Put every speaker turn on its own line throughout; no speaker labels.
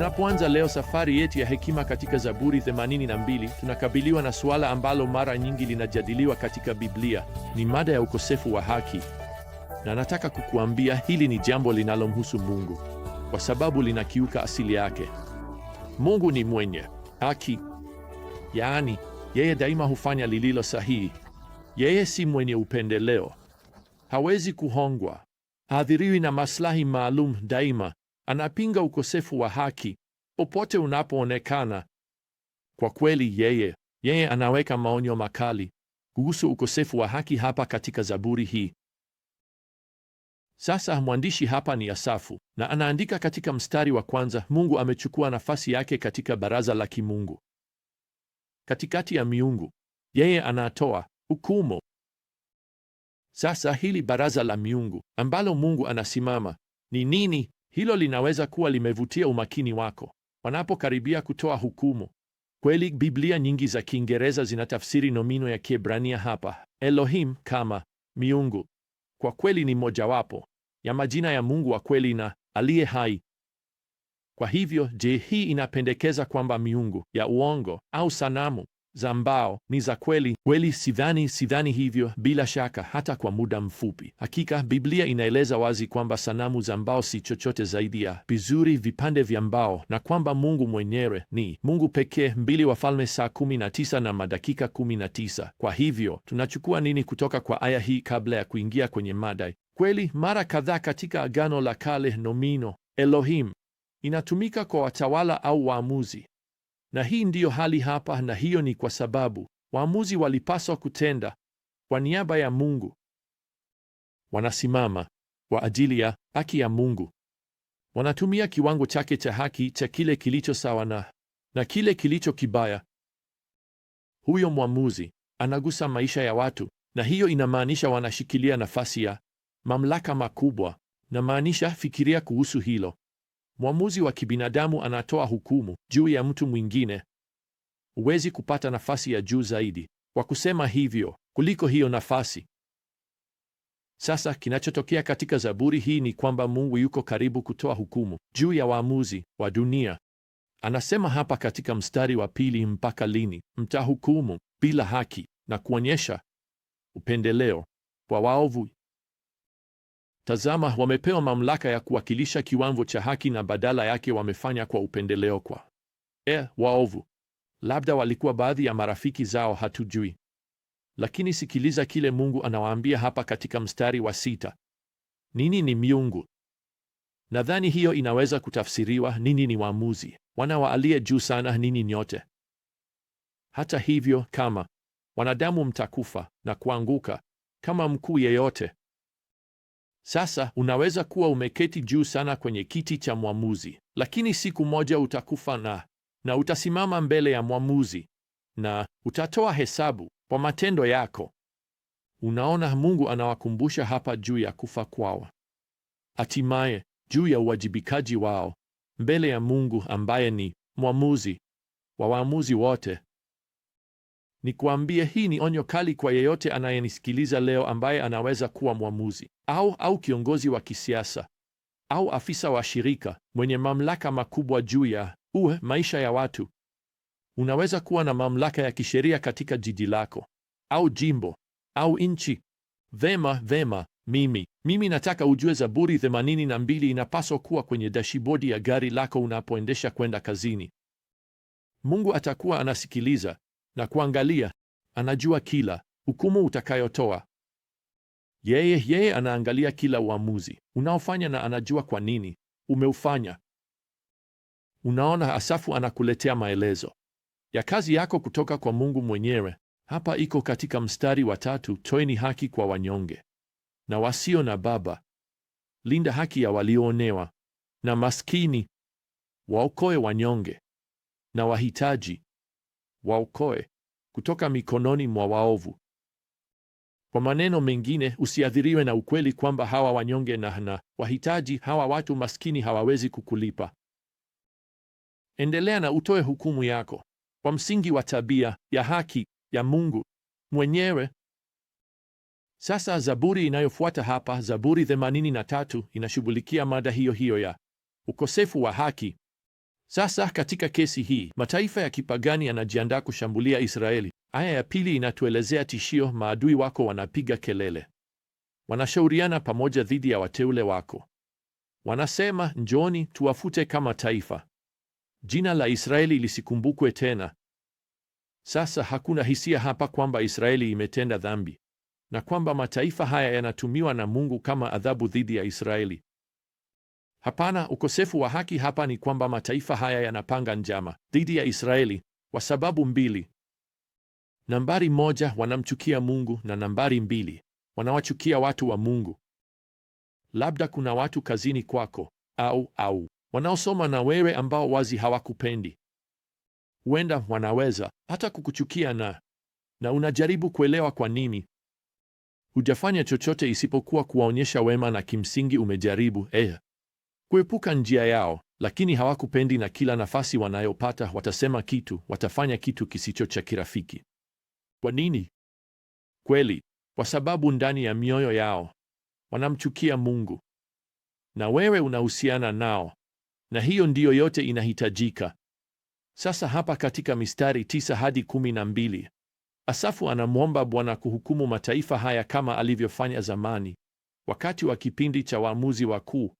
Tunapoanza leo safari yetu ya hekima katika Zaburi 82, tunakabiliwa na suala ambalo mara nyingi linajadiliwa katika Biblia, ni mada ya ukosefu wa haki. Na nataka kukuambia hili ni jambo linalomhusu Mungu kwa sababu linakiuka asili yake. Mungu ni mwenye haki, yaani yeye daima hufanya lililo sahihi. Yeye si mwenye upendeleo, hawezi kuhongwa, haadhiriwi na maslahi maalum daima anapinga ukosefu wa haki popote unapoonekana. Kwa kweli, yeye yeye anaweka maonyo makali kuhusu ukosefu wa haki hapa katika Zaburi hii. Sasa mwandishi hapa ni Asafu na anaandika katika mstari wa kwanza, Mungu amechukua nafasi yake katika baraza la kimungu, katikati ya miungu, yeye anatoa hukumu. Sasa hili baraza la miungu ambalo Mungu anasimama ni nini? Hilo linaweza kuwa limevutia umakini wako wanapokaribia kutoa hukumu. Kweli Biblia nyingi za Kiingereza zinatafsiri nomino ya Kiebrania hapa Elohim kama miungu. Kwa kweli ni mojawapo ya majina ya Mungu wa kweli na aliye hai. Kwa hivyo, je, hii inapendekeza kwamba miungu ya uongo au sanamu za mbao ni za kweli kweli? Sidhani, sidhani hivyo, bila shaka, hata kwa muda mfupi. Hakika Biblia inaeleza wazi kwamba sanamu za mbao si chochote zaidi ya vizuri vipande vya mbao, na kwamba Mungu mwenyewe ni Mungu pekee. mbili Wafalme saa 19 na madakika 19. Kwa hivyo tunachukua nini kutoka kwa aya hii kabla ya kuingia kwenye mada? Kweli, mara kadhaa katika Agano la Kale nomino Elohim inatumika kwa watawala au waamuzi na hii ndiyo hali hapa, na hiyo ni kwa sababu waamuzi walipaswa kutenda kwa niaba ya Mungu. Wanasimama kwa ajili ya haki ya Mungu, wanatumia kiwango chake cha haki cha kile kilicho sawa na na kile kilicho kibaya. Huyo mwamuzi anagusa maisha ya watu, na hiyo inamaanisha wanashikilia nafasi ya mamlaka makubwa. Namaanisha, fikiria kuhusu hilo. Mwamuzi wa kibinadamu anatoa hukumu juu ya mtu mwingine. Huwezi kupata nafasi ya juu zaidi, kwa kusema hivyo, kuliko hiyo nafasi. Sasa kinachotokea katika Zaburi hii ni kwamba Mungu yuko karibu kutoa hukumu juu ya waamuzi wa dunia. Anasema hapa katika mstari wa pili, mpaka lini mtahukumu bila haki na kuonyesha upendeleo kwa waovu? Tazama, wamepewa mamlaka ya kuwakilisha kiwango cha haki, na badala yake wamefanya kwa upendeleo kwa e waovu. Labda walikuwa baadhi ya marafiki zao, hatujui. Lakini sikiliza kile Mungu anawaambia hapa katika mstari wa sita. Nini ni miungu? Nadhani hiyo inaweza kutafsiriwa nini ni waamuzi, wana wa aliye juu sana, nini nyote. Hata hivyo, kama wanadamu mtakufa na kuanguka kama mkuu yeyote sasa unaweza kuwa umeketi juu sana kwenye kiti cha mwamuzi, lakini siku moja utakufa na na utasimama mbele ya mwamuzi na utatoa hesabu kwa matendo yako. Unaona, Mungu anawakumbusha hapa juu ya kufa kwao, hatimaye juu ya uwajibikaji wao mbele ya Mungu ambaye ni mwamuzi wa waamuzi wote kuambie hii ni onyo kali kwa yeyote anayenisikiliza leo ambaye anaweza kuwa mwamuzi au au kiongozi wa kisiasa au afisa wa shirika mwenye mamlaka makubwa juu ya uwe maisha ya watu. Unaweza kuwa na mamlaka ya kisheria katika jiji lako au jimbo au nchi. Vema, vema, mimi mimi nataka ujue Zaburi 82 inapaswa kuwa kwenye dashibodi ya gari lako unapoendesha kwenda kazini. Mungu atakuwa anasikiliza na kuangalia. Anajua kila hukumu utakayotoa. Yeye yeye anaangalia kila uamuzi unaofanya na anajua kwa nini umeufanya. Unaona, Asafu anakuletea maelezo ya kazi yako kutoka kwa Mungu mwenyewe. Hapa iko katika mstari wa tatu: toeni haki kwa wanyonge na wasio na baba, linda haki ya walioonewa na maskini, waokoe wanyonge na wahitaji waokoe kutoka mikononi mwa waovu. Kwa maneno mengine, usiathiriwe na ukweli kwamba hawa wanyonge na na wahitaji, hawa watu maskini hawawezi kukulipa. Endelea na utoe hukumu yako kwa msingi wa tabia ya haki ya Mungu mwenyewe. Sasa zaburi inayofuata hapa, Zaburi 83, inashughulikia mada hiyo hiyo ya ukosefu wa haki. Sasa katika kesi hii mataifa ya kipagani yanajiandaa kushambulia Israeli. Aya ya pili inatuelezea tishio: maadui wako wanapiga kelele, wanashauriana pamoja dhidi ya wateule wako, wanasema njoni, tuwafute kama taifa, jina la Israeli lisikumbukwe tena. Sasa hakuna hisia hapa kwamba Israeli imetenda dhambi na kwamba mataifa haya yanatumiwa na Mungu kama adhabu dhidi ya Israeli. Hapana, ukosefu wa haki hapa ni kwamba mataifa haya yanapanga njama dhidi ya Israeli kwa sababu mbili. Nambari moja, wanamchukia Mungu na nambari mbili, wanawachukia watu wa Mungu. Labda kuna watu kazini kwako au au wanaosoma na wewe ambao wazi hawakupendi. Huenda wanaweza hata kukuchukia na na unajaribu kuelewa kwa nini. Hujafanya chochote isipokuwa kuwaonyesha wema na kimsingi umejaribu eh kuepuka njia yao, lakini hawakupendi, na kila nafasi wanayopata watasema kitu, watafanya kitu kisicho cha kirafiki. Kwa nini? Kweli, kwa sababu ndani ya mioyo yao wanamchukia Mungu, na wewe unahusiana nao, na hiyo ndiyo yote inahitajika. Sasa hapa katika mistari tisa hadi kumi na mbili Asafu anamwomba Bwana kuhukumu mataifa haya kama alivyofanya zamani wakati wa kipindi cha waamuzi wakuu.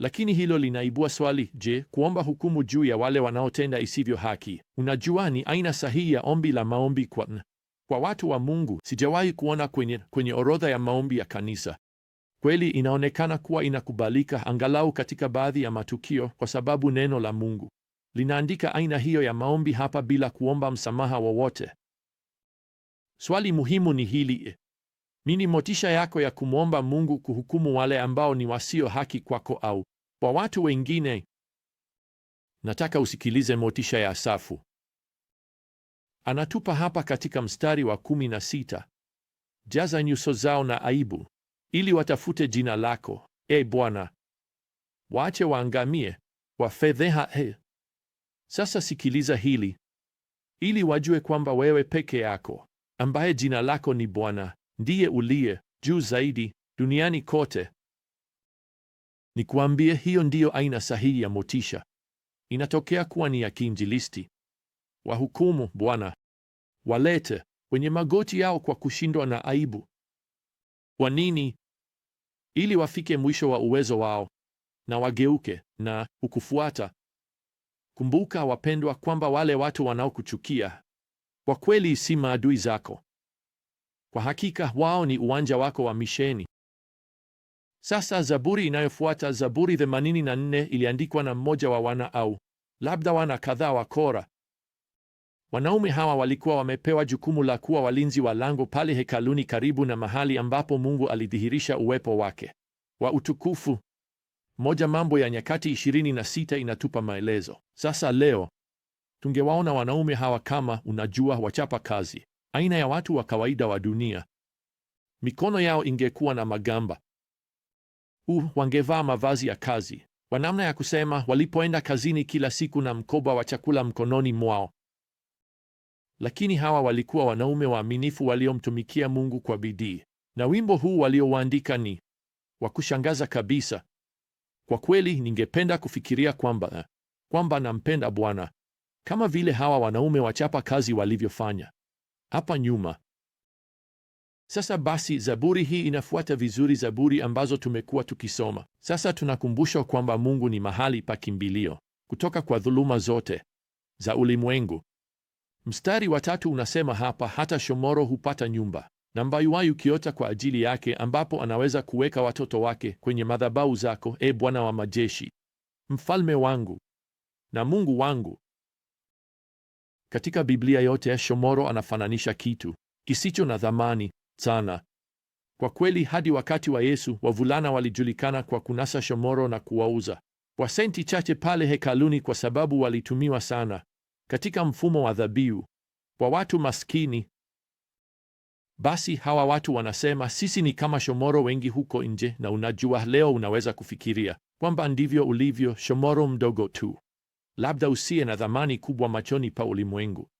Lakini hilo linaibua swali, je, kuomba hukumu juu ya wale wanaotenda isivyo haki, unajua, ni aina sahihi ya ombi la maombi kwa kwa watu wa Mungu? Sijawahi kuona kwenye kwenye orodha ya maombi ya kanisa. Kweli inaonekana kuwa inakubalika angalau katika baadhi ya matukio, kwa sababu neno la Mungu linaandika aina hiyo ya maombi hapa bila kuomba msamaha wowote. Swali muhimu ni hili: e, nini motisha yako ya kumwomba Mungu kuhukumu wale ambao ni wasio haki kwako au kwa watu wengine? Nataka usikilize motisha ya Asafu. Anatupa hapa katika mstari wa kumi na sita: jaza nyuso zao na aibu ili watafute jina lako, e Bwana, waache waangamie kwa fedheha. E, sasa sikiliza hili, ili wajue kwamba wewe peke yako ambaye jina lako ni Bwana ndiye uliye juu zaidi duniani kote. Nikwambie, hiyo ndiyo aina sahihi ya motisha. Inatokea kuwa ni ya kiinjilisti. Wahukumu, Bwana, walete kwenye magoti yao kwa kushindwa na aibu. Kwa nini? Ili wafike mwisho wa uwezo wao na wageuke na ukufuata. Kumbuka wapendwa, kwamba wale watu wanaokuchukia kwa kweli si maadui zako, kwa hakika wao ni uwanja wako wa misheni. Sasa zaburi inayofuata Zaburi 84 iliandikwa na mmoja wa wana au labda wana kadhaa wa Kora. Wanaume hawa walikuwa wamepewa jukumu la kuwa walinzi wa lango pale hekaluni, karibu na mahali ambapo Mungu alidhihirisha uwepo wake wa utukufu. Moja Mambo ya Nyakati 26 inatupa maelezo. Sasa leo tungewaona wanaume hawa kama, unajua, wachapa kazi aina ya watu wa kawaida wa dunia. Mikono yao ingekuwa na magamba u wangevaa mavazi ya kazi kwa namna ya kusema, walipoenda kazini kila siku na mkoba wa chakula mkononi mwao. Lakini hawa walikuwa wanaume waaminifu waliomtumikia Mungu kwa bidii, na wimbo huu waliouandika ni wa kushangaza kabisa. Kwa kweli, ningependa kufikiria kwamba eh, kwamba nampenda Bwana kama vile hawa wanaume wachapa kazi walivyofanya hapa nyuma. Sasa basi, Zaburi hii inafuata vizuri Zaburi ambazo tumekuwa tukisoma. Sasa tunakumbushwa kwamba Mungu ni mahali pa kimbilio kutoka kwa dhuluma zote za ulimwengu. Mstari wa tatu unasema hapa, hata shomoro hupata nyumba na mbayuwayu kiota kwa ajili yake, ambapo anaweza kuweka watoto wake kwenye madhabahu zako, e Bwana wa majeshi, mfalme wangu na Mungu wangu. Katika Biblia yote shomoro anafananisha kitu kisicho na dhamani sana. Kwa kweli, hadi wakati wa Yesu wavulana walijulikana kwa kunasa shomoro na kuwauza kwa senti chache pale hekaluni, kwa sababu walitumiwa sana katika mfumo wa dhabihu kwa watu maskini. Basi hawa watu wanasema sisi ni kama shomoro wengi huko nje, na unajua, leo unaweza kufikiria kwamba ndivyo ulivyo, shomoro mdogo tu labda usiye na dhamani kubwa machoni pa ulimwengu.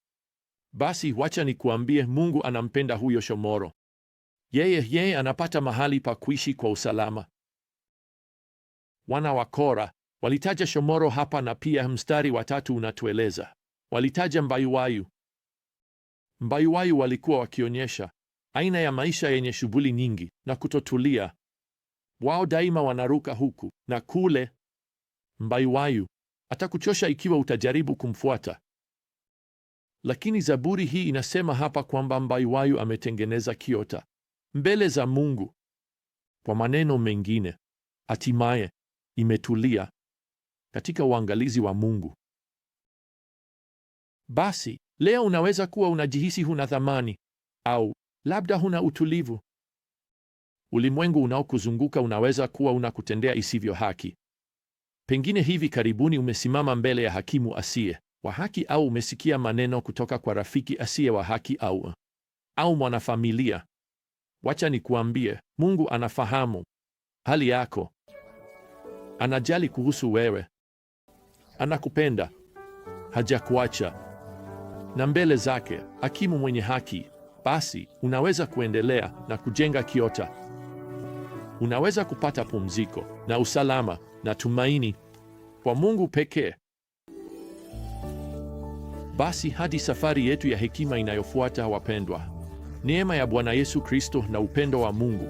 Basi wacha nikuambie, Mungu anampenda huyo shomoro. Yeye yeye anapata mahali pa kuishi kwa usalama. Wana wa Kora walitaja shomoro hapa, na pia mstari wa tatu unatueleza walitaja mbayuwayu. Mbayuwayu walikuwa wakionyesha aina ya maisha yenye shughuli nyingi na kutotulia. Wao daima wanaruka huku na kule. Mbayuwayu atakuchosha ikiwa utajaribu kumfuata. Lakini Zaburi hii inasema hapa kwamba mbayuwayu ametengeneza kiota mbele za Mungu. Kwa maneno mengine, hatimaye imetulia katika uangalizi wa Mungu. Basi leo unaweza kuwa unajihisi huna thamani au labda huna utulivu. Ulimwengu unaokuzunguka unaweza kuwa unakutendea isivyo haki Pengine hivi karibuni umesimama mbele ya hakimu asiye wa haki au umesikia maneno kutoka kwa rafiki asiye wa haki au au mwanafamilia. Wacha nikuambie, Mungu anafahamu hali yako, anajali kuhusu wewe, anakupenda, hajakuacha. Na mbele zake hakimu mwenye haki, basi unaweza kuendelea na kujenga kiota unaweza kupata pumziko na usalama na tumaini kwa Mungu pekee. Basi hadi safari yetu ya hekima inayofuata, wapendwa, neema ya Bwana Yesu Kristo na upendo wa Mungu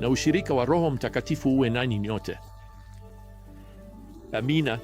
na ushirika wa Roho Mtakatifu uwe nanyi nyote. Amina.